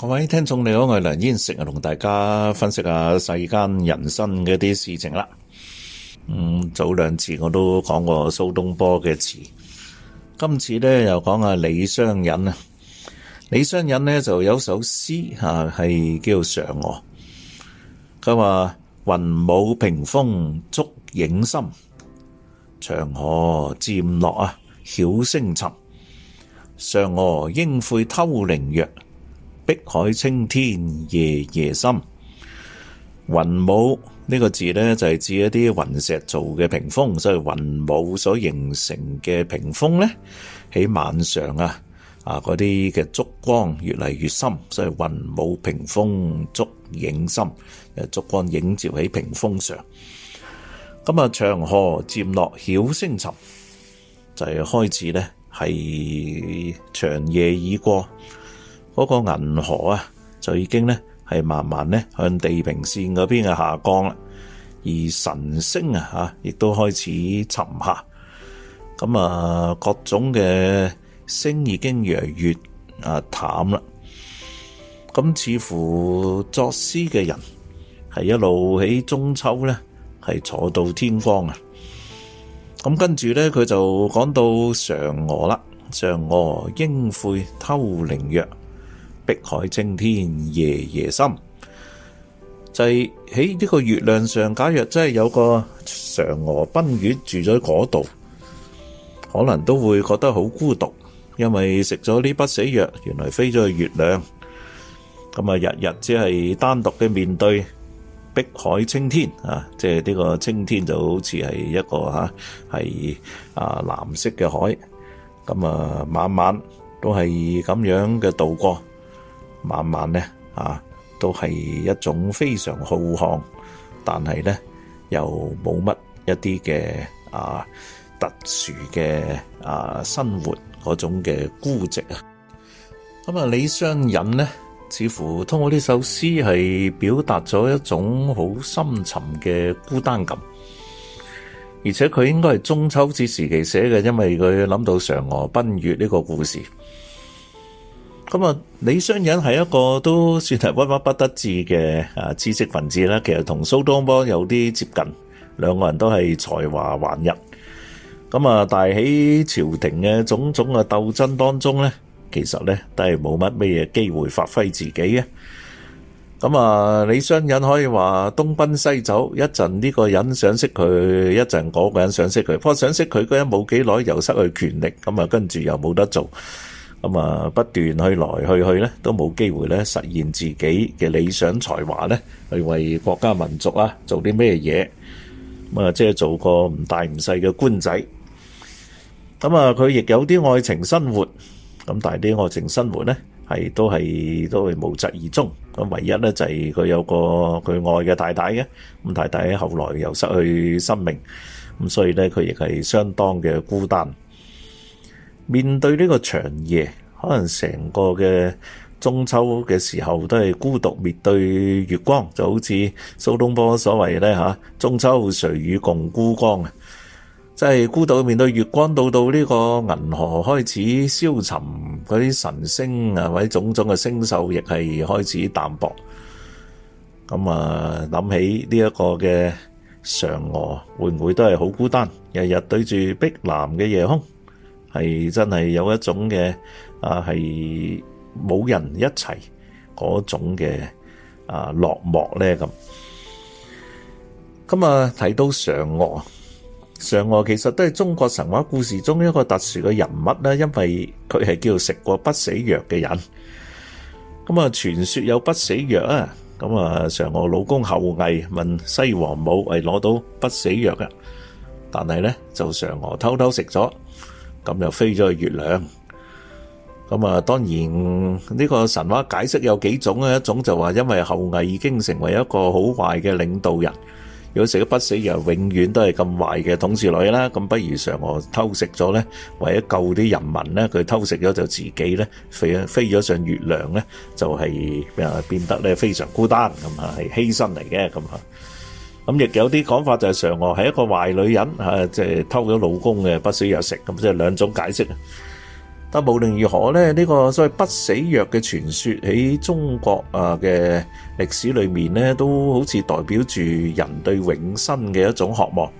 各位聽眾，你好，我係梁燕城，日同大家分析下世間人生嘅一啲事情啦。嗯，早兩次我都講過蘇東坡嘅詞，今次咧又講下李商隱啊。李商隱咧就有首詩吓，係叫《嫦娥》雲。佢話雲母屏風燭影深，長河漸落啊，曉星沉。嫦娥應悔偷靈藥。碧海青天夜夜深，雲母呢個字呢，就係、是、指一啲雲石做嘅屏風，所以雲母所形成嘅屏風呢，喺晚上啊啊，嗰啲嘅燭光越嚟越深，所以雲母屏風燭影深，誒，燭光映照喺屏風上。咁啊，長河漸落曉星沉，就係開始呢，係長夜已過。嗰、那個銀河啊，就已經呢，係慢慢呢，向地平線嗰邊嘅下降啦。而晨星啊，亦都開始沉下。咁啊，各種嘅星已經越嚟越啊淡啦。咁似乎作詩嘅人係一路喺中秋呢，係坐到天光啊。咁跟住呢，佢就講到嫦娥啦。嫦娥應悔偷靈藥。碧海青天夜夜心，就係喺呢個月亮上。假若真係有個嫦娥奔月住咗嗰度，可能都會覺得好孤獨，因為食咗呢筆死藥，原來飛咗去月亮，咁啊日日只係單獨嘅面對碧海青天啊！即係呢個青天就好似係一個吓係啊藍色嘅海，咁啊晚晚都係咁樣嘅度過。晚晚呢啊，都係一種非常浩瀚，但係呢又冇乜一啲嘅啊特殊嘅啊生活嗰種嘅孤寂啊。咁、嗯、啊，李商隱呢，似乎通過呢首詩係表達咗一種好深沉嘅孤單感，而且佢應該係中秋節時期寫嘅，因為佢諗到嫦娥奔月呢個故事。咁啊，李商隱係一個都算係屈屈不得志嘅啊知識分子啦，其實同蘇東坡有啲接近，兩個人都係才華橫溢。咁啊，但係喺朝廷嘅種種嘅鬥爭當中呢，其實呢都係冇乜咩嘢機會發揮自己嘅。咁啊，李商隱可以話東奔西走，一陣呢個人想識佢，一陣嗰個人想識佢，不過想識佢嗰陣冇幾耐又失去權力，咁啊跟住又冇得做。咁啊，不斷去來去去咧，都冇機會咧實現自己嘅理想才華咧，去為國家民族啊做啲咩嘢？咁啊，即係做個唔大唔細嘅官仔。咁啊，佢亦有啲愛情生活。咁但係啲愛情生活咧，係都係都係無疾而終。咁唯一咧就係佢有個佢愛嘅太太嘅。咁太太後來又失去生命。咁所以咧，佢亦係相當嘅孤單。面對呢個長夜，可能成個嘅中秋嘅時候都係孤獨面對月光，就好似蘇東坡所謂咧吓，中秋誰與共孤光啊！即係孤獨面對月光，到到呢個銀河開始消沉，嗰啲神星啊，或者種種嘅星宿亦係開始淡薄。咁啊，諗起呢一個嘅嫦娥，會唔會都係好孤單，日日對住碧藍嘅夜空？係真係有一種嘅啊，係冇人一齊嗰種嘅啊，落寞呢咁。咁啊，睇到嫦娥，嫦娥其實都係中國神話故事中一個特殊嘅人物啦。因為佢係叫食過不死藥嘅人。咁啊，傳說有不死藥啊。咁啊，嫦娥老公后羿問西王母係攞到不死藥㗎，但係呢就嫦娥偷偷食咗。咁又飛咗去月亮，咁啊當然呢個神話解釋有幾種啊，一種就話因為后羿已經成為一個好壞嘅領導人，如果食咗不死藥永遠都係咁壞嘅統治女啦，咁不如嫦娥偷食咗咧，為咗救啲人民咧，佢偷食咗就自己咧飛飛咗上月亮咧，就係誒變得咧非常孤單，咁啊係犧牲嚟嘅，咁啊。咁亦有啲講法就係嫦娥係一個壞女人嚇，即係偷咗老公嘅不死藥食，咁即係兩種解釋。但無論如何咧，呢個所謂不死藥嘅傳說喺中國啊嘅歷史裏面咧，都好似代表住人對永生嘅一種渴望。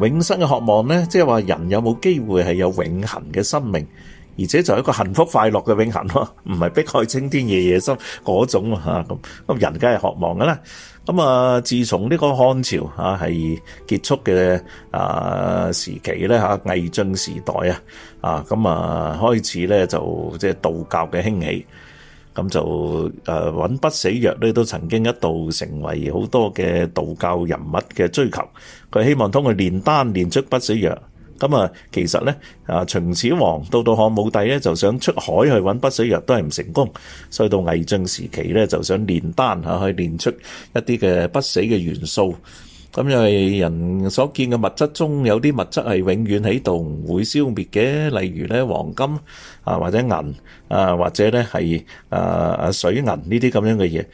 永生嘅渴望咧，即係話人有冇機會係有永恆嘅生命，而且就係一個幸福快樂嘅永恆咯，唔係碧海青天夜夜心嗰種啊咁，咁人梗係渴望㗎喇。咁啊，自從呢個漢朝啊係結束嘅啊時期咧嚇，魏晉時代啊，啊咁啊開始咧就即係、就是、道教嘅興起，咁就誒揾不死藥咧都曾經一度成為好多嘅道教人物嘅追求，佢希望通過煉丹煉出不死藥。咁、嗯、啊，其實咧啊，秦始皇到到漢武帝咧，就想出海去揾不死藥，都係唔成功。所以到魏晉時期咧，就想煉丹啊，去煉出一啲嘅不死嘅元素。咁、嗯、因為人所見嘅物質中有啲物質係永遠喺度，唔會消滅嘅，例如咧黃金啊，或者銀啊，或者咧係啊水銀呢啲咁樣嘅嘢。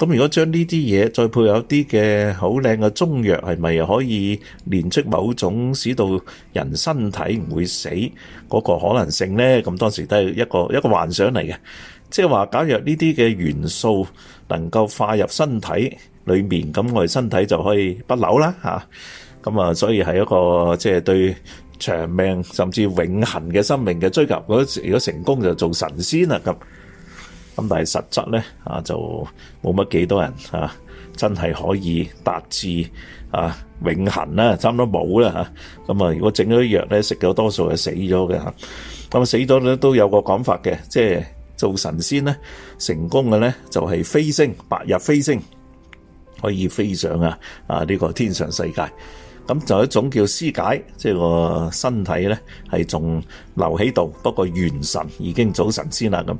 咁如果將呢啲嘢再配有啲嘅好靚嘅中藥，係咪可以煉出某種使到人身體唔會死嗰個可能性呢？咁當時都係一個一個幻想嚟嘅，即係話假若呢啲嘅元素能夠化入身體裏面，咁我哋身體就可以不朽啦嚇。咁啊，所以係一個即係對長命甚至永恆嘅生命嘅追求。如果如果成功就做神仙啦咁。咁但係實質咧啊，就冇乜幾多人啊，真係可以達至啊永恆啦，差唔多冇啦吓。咁啊，如果整咗啲藥咧，食咗多數係死咗嘅吓。咁死咗咧都有個講法嘅，即係做神仙咧成功嘅咧就係、是、飛升，白日飛升可以飛上啊啊呢、這個天上世界。咁就一種叫屍解，即、就、係、是、個身體咧係仲留喺度，不過元神已經做神仙啦咁。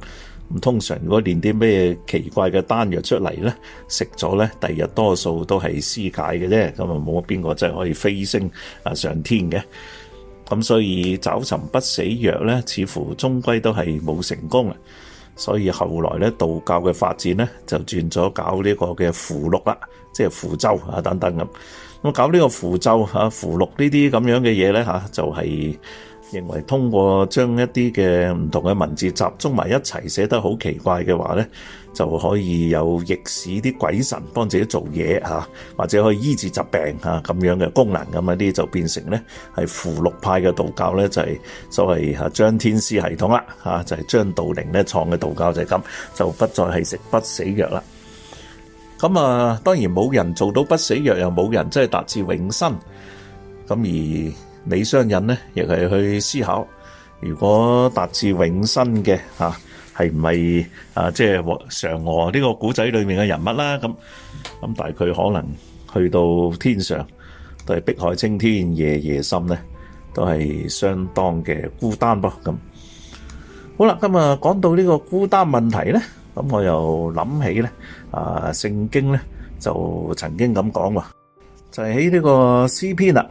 咁通常如果練啲咩奇怪嘅丹藥出嚟咧，食咗咧，第二日多數都係屍解嘅啫，咁啊冇乜邊個真係可以飛升啊上天嘅。咁所以找尋不死藥咧，似乎終歸都係冇成功啊。所以後來咧，道教嘅發展咧，就轉咗搞呢個嘅符箓啦，即係符咒啊等等咁。咁搞呢個符咒嚇符箓呢啲咁樣嘅嘢咧嚇，就係、是。認為通過將一啲嘅唔同嘅文字集中埋一齊，寫得好奇怪嘅話呢，就可以有逆使啲鬼神幫自己做嘢吓，或者可以醫治疾病吓咁樣嘅功能咁一啲，就變成呢係符箓派嘅道教呢就係所謂吓張天師系統啦吓，就係張道陵呢創嘅道教就係咁，就不再係食不死藥啦。咁啊，當然冇人做到不死藥，又冇人真係達至永生，咁而。李商隱咧，亦係去思考，如果達至永生嘅嚇，係唔係啊？即係嫦娥呢個古仔裏面嘅人物啦。咁咁，但係佢可能去到天上都係碧海青天夜夜心咧，都係相當嘅孤單噃。咁好啦，咁啊講到呢個孤單問題咧，咁我又諗起咧啊，聖經咧就曾經咁講喎，就係喺呢個詩篇啦。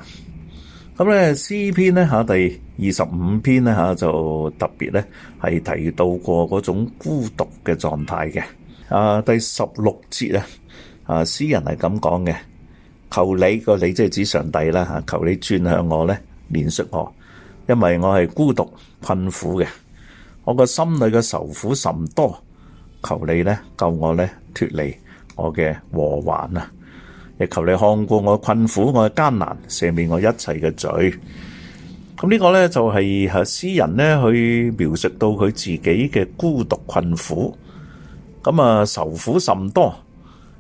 咁咧，詩篇咧吓，第二十五篇咧吓就特別咧係提到過嗰種孤獨嘅狀態嘅。啊，第十六節呢，啊詩人係咁講嘅，求你個你即係指上帝啦吓，求你轉向我咧，憐恤我，因為我係孤獨困苦嘅，我個心裏嘅愁苦甚多，求你咧救我咧脫離我嘅禍患啊！亦求你看過我的困苦，我艱難，赦免我一切嘅罪。咁呢個呢，就係吓詩人呢去描述到佢自己嘅孤獨、困苦，咁啊，受苦甚多，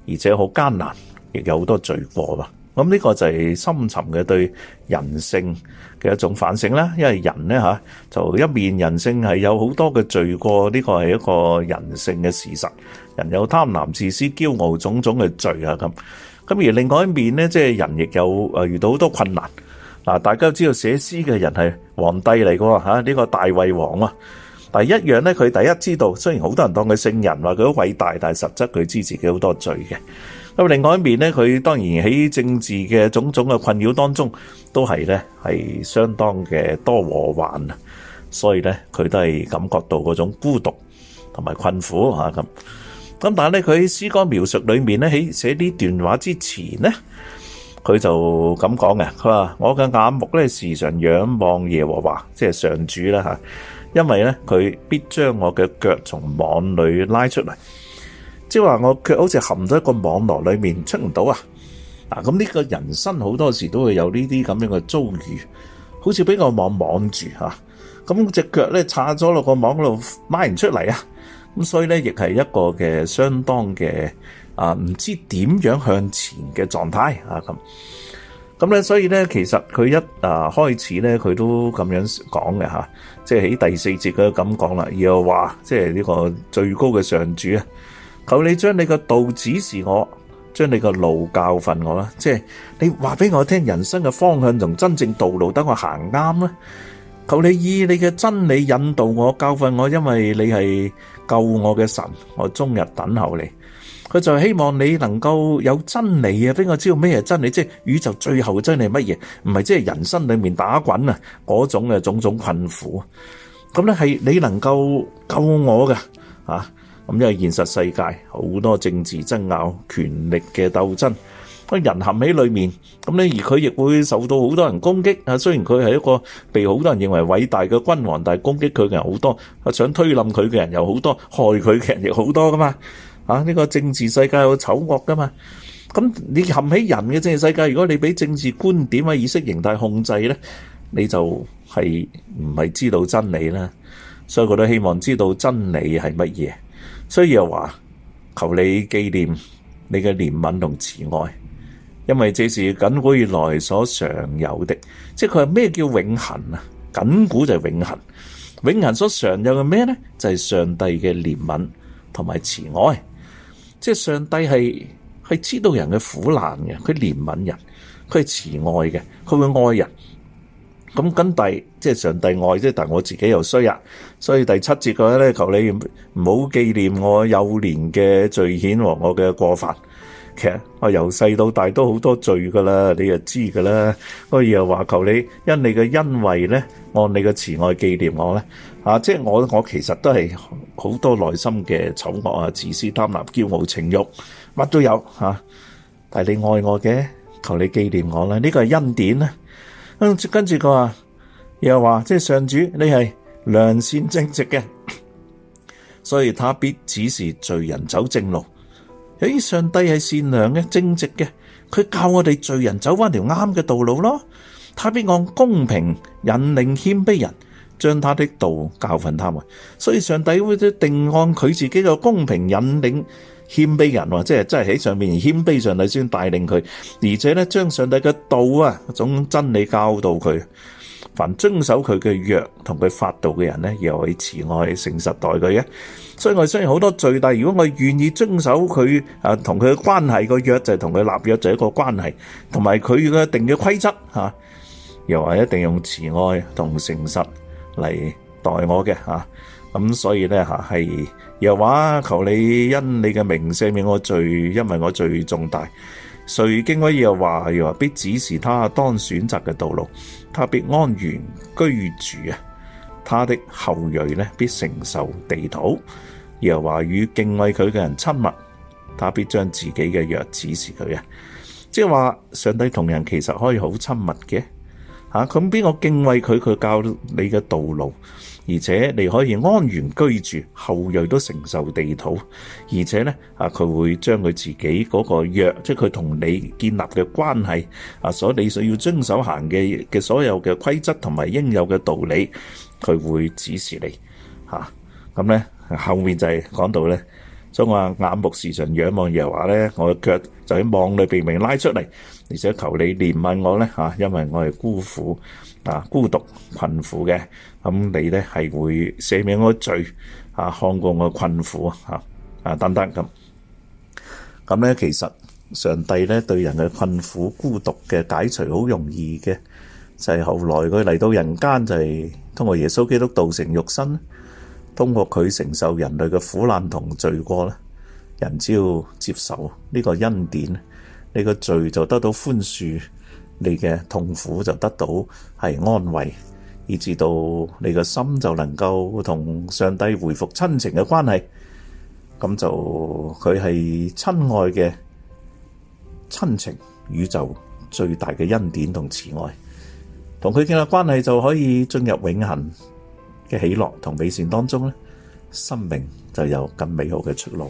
而且好艱難，亦有好多罪過吧。咁呢個就係深沉嘅對人性嘅一種反省啦。因為人呢，吓就一面人性係有好多嘅罪過，呢、這個係一個人性嘅事實。人有貪婪、自私、驕傲，種種嘅罪啊咁。咁而另外一面咧，即係人亦有誒遇到好多困難。嗱，大家知道寫詩嘅人係皇帝嚟嘅喎嚇，呢個大衛王啊。但係一樣咧，佢第一知道，雖然好多人當佢聖人，話佢好偉大，但係實質佢知自己好多罪嘅。咁另外一面咧，佢當然喺政治嘅種種嘅困擾當中，都係咧係相當嘅多禍患啊。所以咧，佢都係感覺到嗰種孤獨同埋困苦嚇咁。咁但係咧，佢喺詩歌描述裏面咧，喺寫呢段話之前咧，佢就咁講嘅，佢話：我嘅眼目咧時常仰望耶和華，即係上主啦吓。因為咧，佢必將我嘅腳從網裏拉出嚟，即係話我腳好似陷咗一個網絡裏面出唔到啊！嗱，咁呢個人生好多時都會有呢啲咁樣嘅遭遇，好似俾個網網住吓，咁隻腳咧叉咗落個網度拉唔出嚟啊！咁所以咧，亦係一個嘅相當嘅啊，唔知點樣向前嘅狀態啊。咁咁咧，所以咧，其實佢一啊開始咧，佢都咁樣講嘅吓，即係喺第四節佢咁講啦。要話即係呢個最高嘅上主啊，求你將你個道指示我，將你個路教訓我啦。即係你話俾我聽，人生嘅方向同真正道路等我行啱啦。求你以你嘅真理引導我、教訓我，因為你係。救我嘅神，我終日等候你。佢就希望你能夠有真理啊！俾我知道咩係真理？即係宇宙最後嘅真理係乜嘢？唔係即係人生裏面打滾啊嗰種嘅種種困苦。咁咧係你能夠救我嘅啊？咁因為現實世界好多政治爭拗、權力嘅鬥爭。個人陷喺裏面咁咧，而佢亦會受到好多人攻擊啊。雖然佢係一個被好多人認為偉大嘅君王，但係攻擊佢嘅人好多，想推冧佢嘅人又好多，害佢嘅人亦好多噶嘛。啊，呢個政治世界好醜惡噶嘛。咁你陷喺人嘅政治世界，如果你俾政治觀點啊、意識形態控制咧，你就係唔係知道真理啦。所以我都希望知道真理係乜嘢。所以又話求你記念你嘅憐憫同慈愛。因為這是亙古以來所常有的。即係佢係咩叫永恒啊？亙古就係永恒，永恒所常有嘅咩咧？就係、是、上帝嘅憐憫同埋慈愛，即係上帝係係知道人嘅苦難嘅，佢憐憫人，佢係慈愛嘅，佢會愛人。咁跟第即係上帝愛，即但係我自己又衰啊，所以第七節嘅話咧，求你唔好紀念我幼年嘅罪愆和我嘅過犯。我由細到大都好多罪噶啦，你又知噶啦。我又話求你因你嘅恩惠咧，按你嘅慈愛紀念我咧。啊，即係我我其實都係好多內心嘅醜惡啊、自私貪婪、驕傲、情欲，乜都有吓、啊。但係你愛我嘅，求你紀念我啦。呢個係恩典啦、啊。跟住跟住佢話又話，即係上主你係良善正直嘅，所以他必指示罪人走正路。誒，上帝係善良嘅、正直嘅，佢教我哋罪人走翻條啱嘅道路咯。他必按公平引領謙卑人，將他的道教訓他們。所以上帝會定按佢自己嘅公平引領謙卑人，即係真係喺上面謙卑上帝先帶領佢，而且咧，將上帝嘅道啊，一種真理教導佢。凡遵守佢嘅約同佢法度嘅人咧，又會慈愛誠實待佢嘅。所以我相信好多罪大，但如果我願意遵守佢啊同佢嘅關係個約，就係同佢立約就係一個關係，同埋佢嘅定嘅規則吓，又係一定用慈愛同誠實嚟待我嘅吓。咁、嗯、所以咧吓，係又話，求你因你嘅名赦免我罪，因為我罪重大。誰敬畏呢，又話又話必指示他當選擇嘅道路，他必安然居住啊！他的後裔呢必承受地土，又話與敬畏佢嘅人親密，他必將自己嘅約指示佢啊！即係話上帝同人其實可以好親密嘅吓，咁邊個敬畏佢，佢教你嘅道路。而且你可以安然居住，後裔都承受地土。而且咧，啊，佢會將佢自己嗰個約，即係佢同你建立嘅關係啊，所你想要遵守行嘅嘅所有嘅規則同埋應有嘅道理，佢會指示你嚇。咁咧，後面就係講到咧，所以我話眼目時常仰望耶和華咧，我嘅腳就喺網裏被命拉出嚟，而且求你憐憫我咧嚇，因為我係孤苦，啊，孤獨、困苦嘅，咁、嗯、你咧係會赦免我罪，啊，看顧我困苦，吓啊等等咁。咁、啊、咧、嗯嗯嗯，其實上帝咧對人嘅困苦、孤獨嘅解除好容易嘅，就係、是、後來佢嚟到人間，就係、是、通過耶穌基督道成肉身，通過佢承受人類嘅苦難同罪過咧，人只要接受呢個恩典，呢個罪就得到寬恕。你嘅痛苦就得到係安慰，以至到你個心就能夠同上帝回復親情嘅關係，咁就佢係親愛嘅親情宇宙最大嘅恩典同慈愛，同佢建立關係就可以進入永恆嘅喜樂同美善當中咧，生命就有更美好嘅出路。